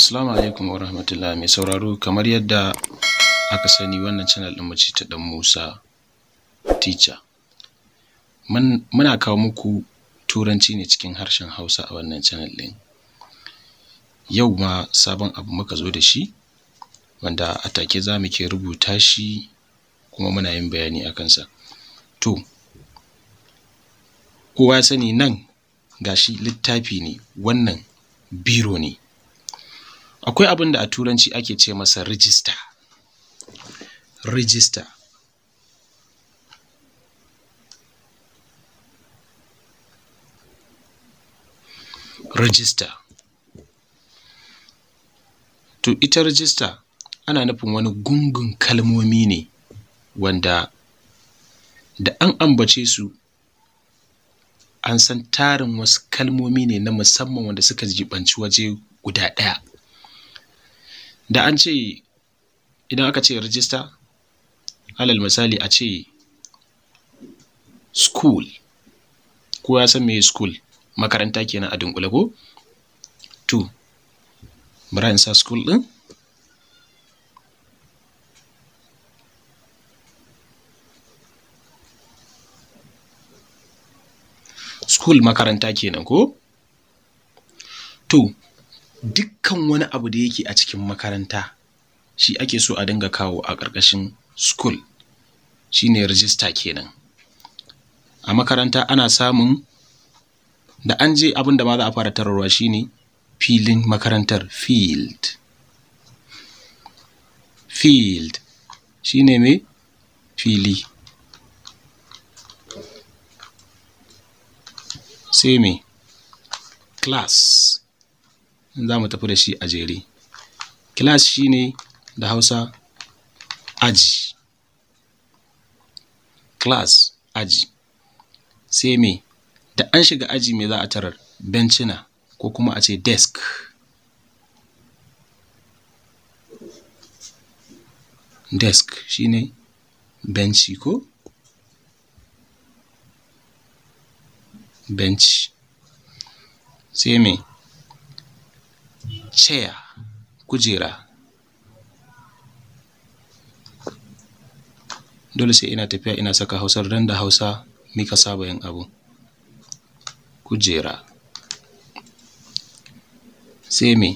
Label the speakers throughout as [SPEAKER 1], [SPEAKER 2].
[SPEAKER 1] Assalamu alaikum wa mai sauraro kamar yadda aka sani wannan channel ɗin mace ta ɗan Musa teacher. Muna kawo muku turanci ne cikin harshen Hausa a wannan channel ɗin. Yau ma sabon abu muka zo da shi wanda a take za mu ke rubuta shi kuma muna yin bayani a kansa. To, kowa ya sani nan gashi littafi ne wannan biro ne akwai abin da a turanci ake ce masa register register register to ita register ana nufin wani gungun kalmomi ne wanda da an ambace su an san tarin wasu kalmomi ne na musamman wanda suka jibanci waje guda ɗaya da an ce idan aka ce rijista alal misali a ce school ko ya san meye school makaranta kenan a dunkule ko to bari in sa school din school makaranta kenan ko to dukkan wani abu da yake a cikin makaranta shi ake so a dinga kawo a ƙarƙashin school shine register kenan a makaranta ana samun da an je abin da ma za a fara tararwa shine filin makarantar field field shine me fili sai me class za mu tafi da shi a jere class ne da hausa aji class aji sai me da an shiga aji me za a tarar bencina ko kuma a ce desk desk shi ne benci ko benci sai me chair kujera dole sai ina tafiya ina saka hausar don da hausa ka saba yin abu kujera sai me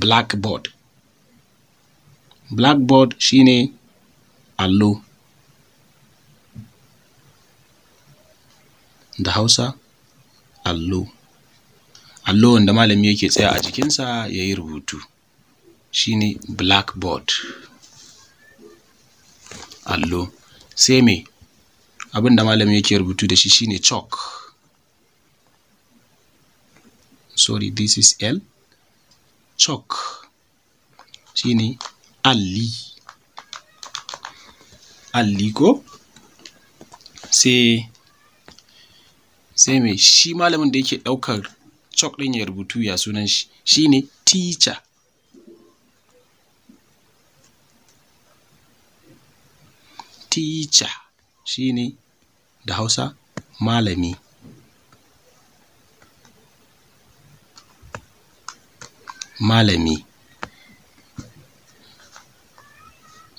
[SPEAKER 1] blackboard blackboard shine allo da hausa allo allo wanda malami yake tsaya a jikinsa ya yi rubutu shi ne blackboard allo sai me abin da malami yake rubutu da shi shine chalk sorry this is l chalk shine alli alli ko sai sai me shi malamin da yake ɗaukar chok din ya rubutu ya sunan shi shine teacher teacher shine da Hausa malami malami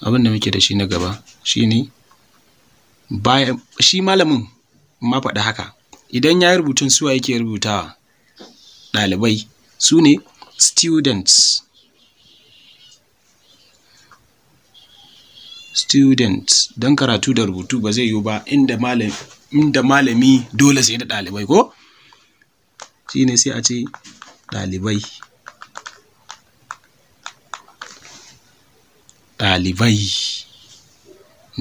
[SPEAKER 1] abin da muke da shi na gaba shine bayan shi malamin ma faɗi haka idan ya yi rubutun suwa yake rubutawa ɗalibai su ne students students don karatu da rubutu ba zai yiwu ba inda malami dole sai da ɗalibai ko shi ne sai a ce ɗalibai ɗalibai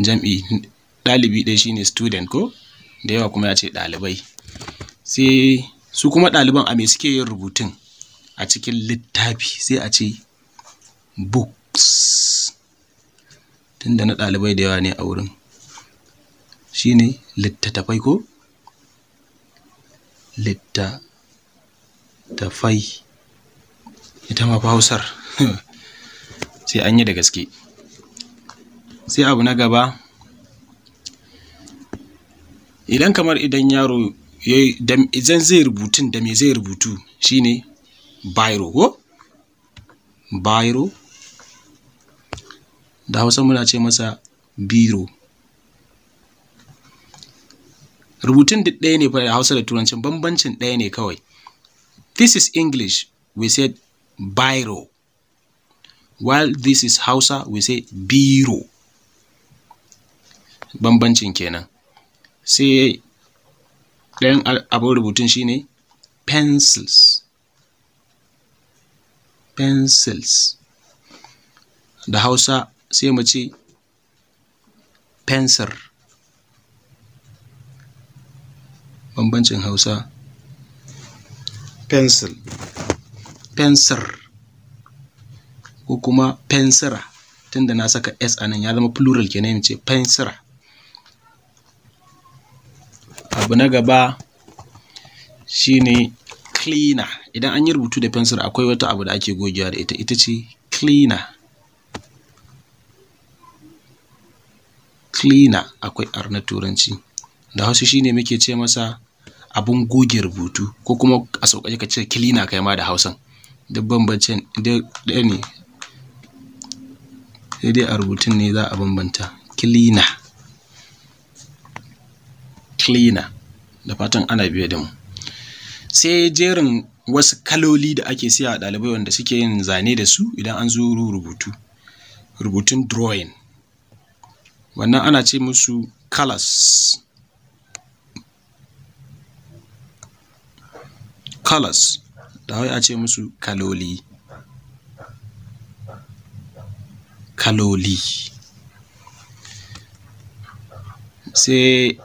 [SPEAKER 1] jam'i ɗalibi ɗaya ne student ko da yawa kuma ya ce ɗalibai sai su kuma ɗaliban a me suke yin rubutun a cikin littafi sai a ce books tunda na ɗalibai da yawa ne a wurin shi ne littattafai ko littattafai ita ma sai an yi da gaske sai abu na gaba idan kamar idan yaro idan zai rubutun da me zai rubutu shine biro ko biro da hausa muna ce masa biro rubutun duk ɗaya ne da hausa da turancin bambancin ɗaya ne kawai this is english we said biro while this is hausa we say biro bambancin kenan sai ɗayan abin rubutun shine pencils pencils da hausa sai mu ce pencil bambancin hausa pencil pencil ko kuma pensira tunda na saka s a nan ya zama plural kenan ce pensira abu na gaba shine cleaner idan an yi rubutu da fensir akwai wata abu da ake gogewa da ita ita ce cleaner cleaner akwai ar na turanci da hausa shine muke ce masa abun goge rubutu ko kuma a sauƙaƙe ka ce cleaner kai ma da hausan duk bambancin ne sai dai a rubutun ne za a bambanta cleaner cleaner da fatan ana biye da mu sai jerin wasu kaloli da ake siya a ɗalibai wanda suke yin zane da su idan an zo rubutu rubutun drawing wannan ana ce musu colors colors da wai a ce musu kaloli kaloli sai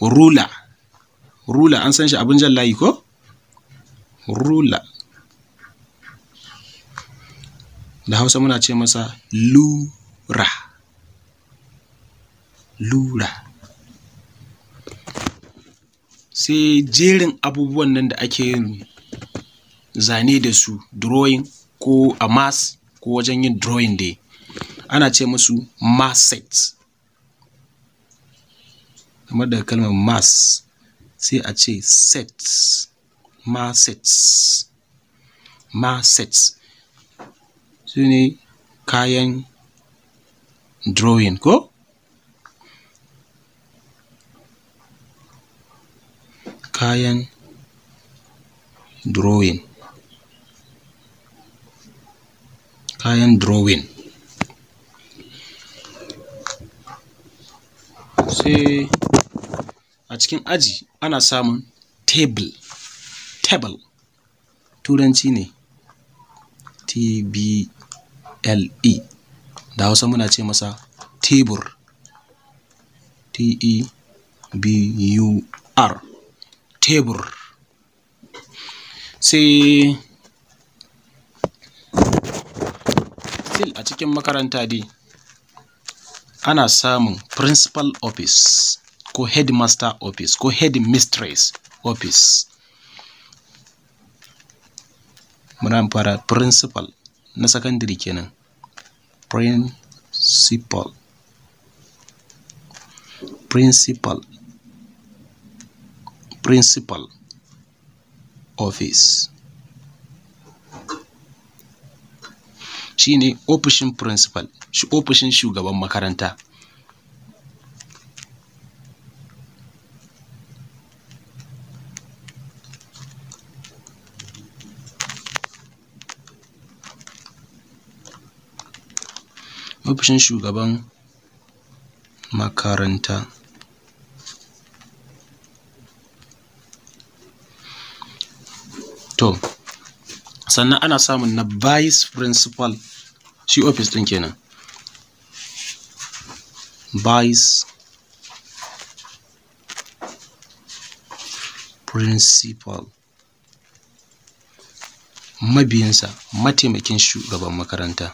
[SPEAKER 1] rula rula an san shi abin jan layi ko rula da hausa muna ce masa lura lura sai jerin abubuwan nan da ake yin zane da su drawing ko a mass ko wajen yin drawing dai ana ce musu mass sets kamar daga kalmar mass sai a ce sets ma sets su ne kayan drawing ko kayan drawing kayan drawing sai cikin aji ana samun table table turanci ne t-b-l-e da hausa muna ce masa tebur t-e-b-u-r tebur sai still a cikin makaranta dai ana samun principal office ko headmaster office ko headmistress office muna fara principal na secondary kenan principal principal principal office shine ofishin principal shi ofishin shugaban makaranta Ofishin Shugaban Makaranta. To, sannan ana samun na Vice Principal, shi ofis ɗin kenan. Vice Principal. Mabiyinsa mataimakin shugaban makaranta.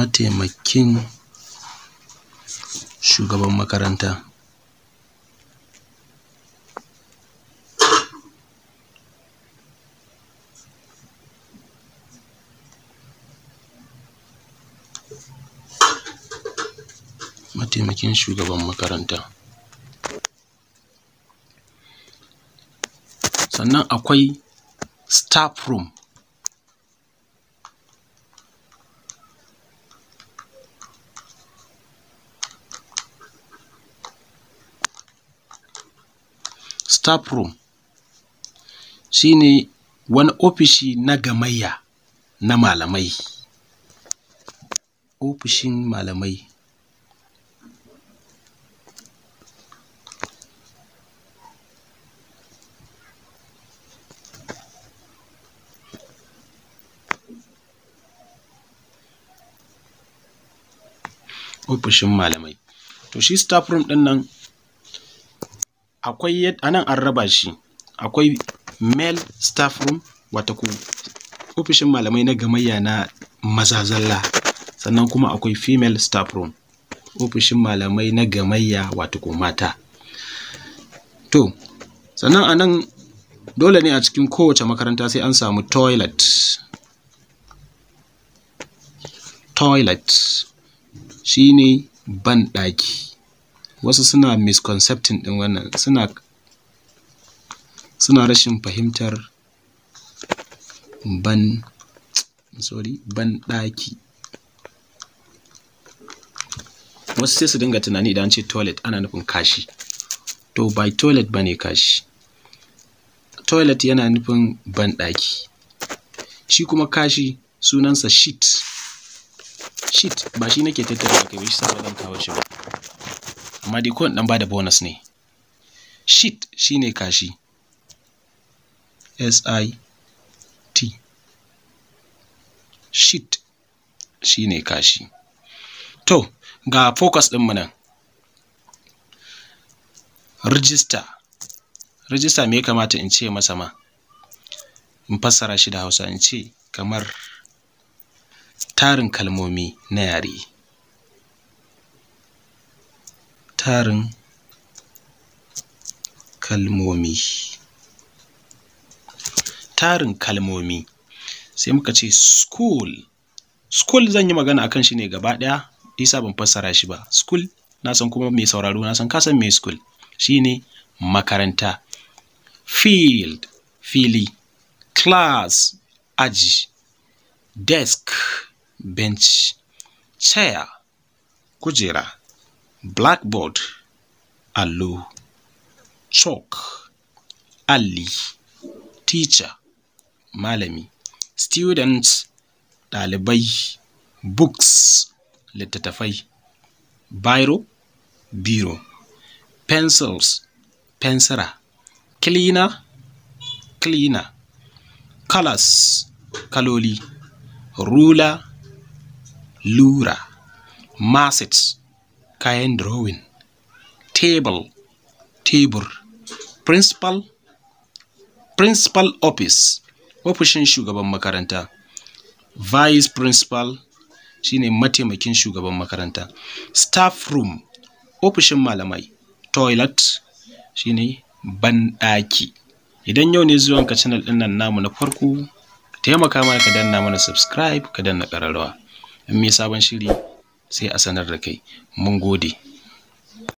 [SPEAKER 1] mataimakin shugaban makaranta mataimakin shugaban makaranta sannan akwai staff room staff room shi ne wani ofishi na gamayya na malamai ofishin malamai ofishin malamai to shi staff room ɗin nan akwai nan an raba shi akwai male staff room wata ku ofishin malamai na gamayya na maza zalla sannan kuma akwai female staff room ofishin malamai na gamayya wata ku mata to sannan a nan, dole ne a cikin kowace makaranta sai an samu toilet toilet shine banɗaki wasu suna misconcepting ɗin wannan suna suna rashin fahimtar ban sorry banɗaki wasu sai su dinga tunani idan an ce toilet ana nufin kashi to ba toilet ba ne kashi toilet yana nufin ban daki, shi kuma kashi sunansa shit shit ba shi nake tattara kai ba shi sa ba zan kawo shi ba amma dai kowane ɗan bada bonus ne shit shine kashi s-i-t shit shine kashi to ga focus ɗin nan register register me ya kamata in ce masa ma in fassara shi da hausa in ce kamar tarin kalmomi na yare tarin kalmomi tarin kalmomi sai muka ce school school zan yi magana akan shi ne gaba ɗaya isa ban fassara shi ba school na san kuma mai sauraro na san ka san mai school ne makaranta field fili class aji desk bench chair kujera blackboard allo chalk alli teacher malami students ɗalibai books littattafai biro biro pencils pensira cleaner cleaner colors kaloli ruler lura masset kayan drawing table tebur principal principal office ofishin shugaban makaranta vice principal shine mataimakin shugaban makaranta staff room ofishin malamai toilet shine banɗaki idan yau ne zuwan ka channel ɗin nan namu na farko taimaka mana ka danna mana subscribe ka danna ƙararrawa in mai sabon shiri sai a sanar da kai mun gode